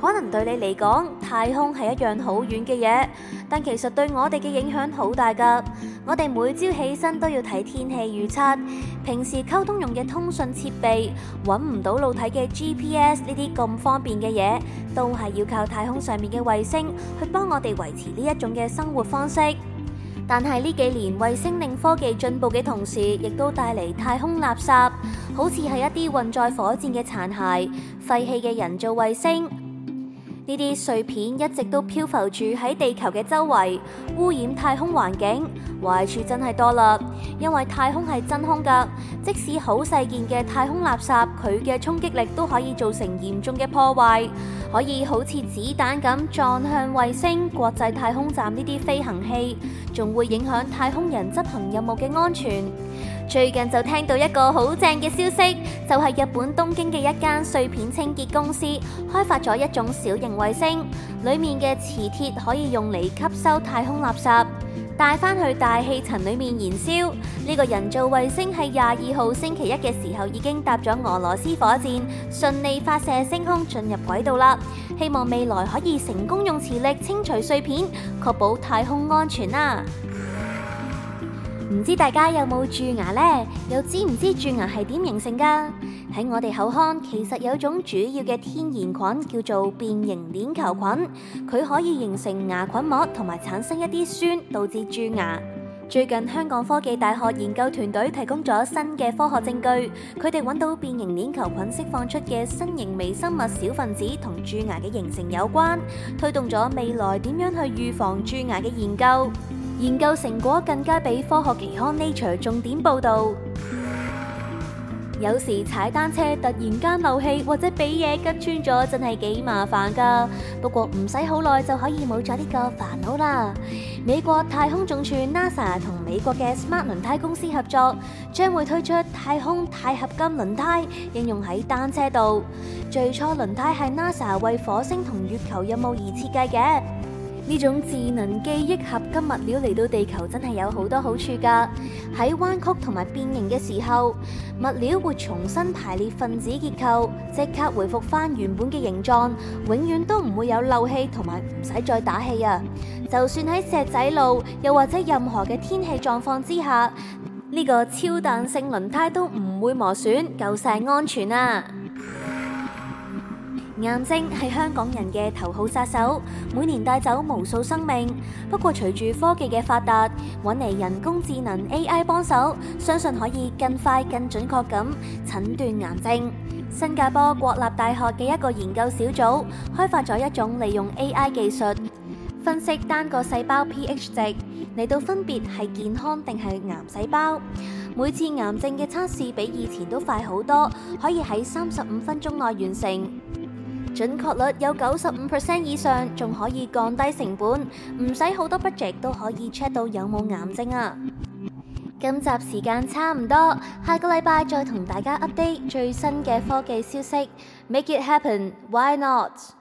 可能對你嚟講，太空係一樣好遠嘅嘢，但其實對我哋嘅影響好大㗎。我哋每朝起身都要睇天氣預測，平時溝通用嘅通訊設備揾唔到路睇嘅 GPS 呢啲咁方便嘅嘢，都係要靠太空上面嘅衛星去幫我哋維持呢一種嘅生活方式。但係呢幾年，衛星令科技進步嘅同時，亦都帶嚟太空垃圾，好似係一啲運載火箭嘅殘骸、廢棄嘅人造衛星。呢啲碎片一直都漂浮住喺地球嘅周圍，污染太空環境，壞處真係多啦。因為太空係真空噶，即使好細件嘅太空垃圾，佢嘅衝擊力都可以造成嚴重嘅破壞，可以好似子彈咁撞向衛星、國際太空站呢啲飛行器。仲會影響太空人執行任務嘅安全。最近就聽到一個好正嘅消息，就係日本東京嘅一間碎片清潔公司開發咗一種小型衛星，裏面嘅磁鐵可以用嚟吸收太空垃圾。帶返去大氣層裏面燃燒。呢個人造衛星係廿二號星期一嘅時候已經搭咗俄羅斯火箭順利發射升空進入軌道啦，希望未來可以成功用磁力清除碎片，確保太空安全啦。唔知大家有冇蛀牙呢？又知唔知蛀牙係點形成㗎？喺我哋口腔，其實有種主要嘅天然菌叫做變形鏈球菌，佢可以形成牙菌膜同埋產生一啲酸，導致蛀牙。最近香港科技大學研究團隊提供咗新嘅科學證據，佢哋揾到變形鏈球菌釋放出嘅新型微生物小分子同蛀牙嘅形成有關，推動咗未來點樣去預防蛀牙嘅研究。研究成果更加畀科學期刊 Nature 重點報導。有時踩單車突然間漏氣或者俾嘢拮穿咗，真係幾麻煩噶。不過唔使好耐就可以冇咗呢個煩惱啦。美國太空總署 NASA 同美國嘅 Smart 輪胎公司合作，將會推出太空鈦合金輪胎，應用喺單車度。最初輪胎係 NASA 為火星同月球任務而設計嘅。呢種智能記憶合金物料嚟到地球真係有好多好處噶，喺彎曲同埋變形嘅時候，物料會重新排列分子結構，即刻回復翻原本嘅形狀，永遠都唔會有漏氣同埋唔使再打氣啊！就算喺石仔路又或者任何嘅天氣狀況之下，呢個超彈性輪胎都唔會磨損，夠晒安全啊！癌症係香港人嘅頭號殺手，每年帶走無數生命。不過，隨住科技嘅發達，搵嚟人工智能 AI 幫手，相信可以更快、更準確咁診斷癌症。新加坡國立大學嘅一個研究小組開發咗一種利用 AI 技術分析單個細胞 pH 值，嚟到分別係健康定係癌細胞。每次癌症嘅測試比以前都快好多，可以喺三十五分鐘內完成。準確率有九十五 percent 以上，仲可以降低成本，唔使好多 budget 都可以 check 到有冇癌症啊！今集時間差唔多，下個禮拜再同大家 update 最新嘅科技消息，Make it happen，Why not？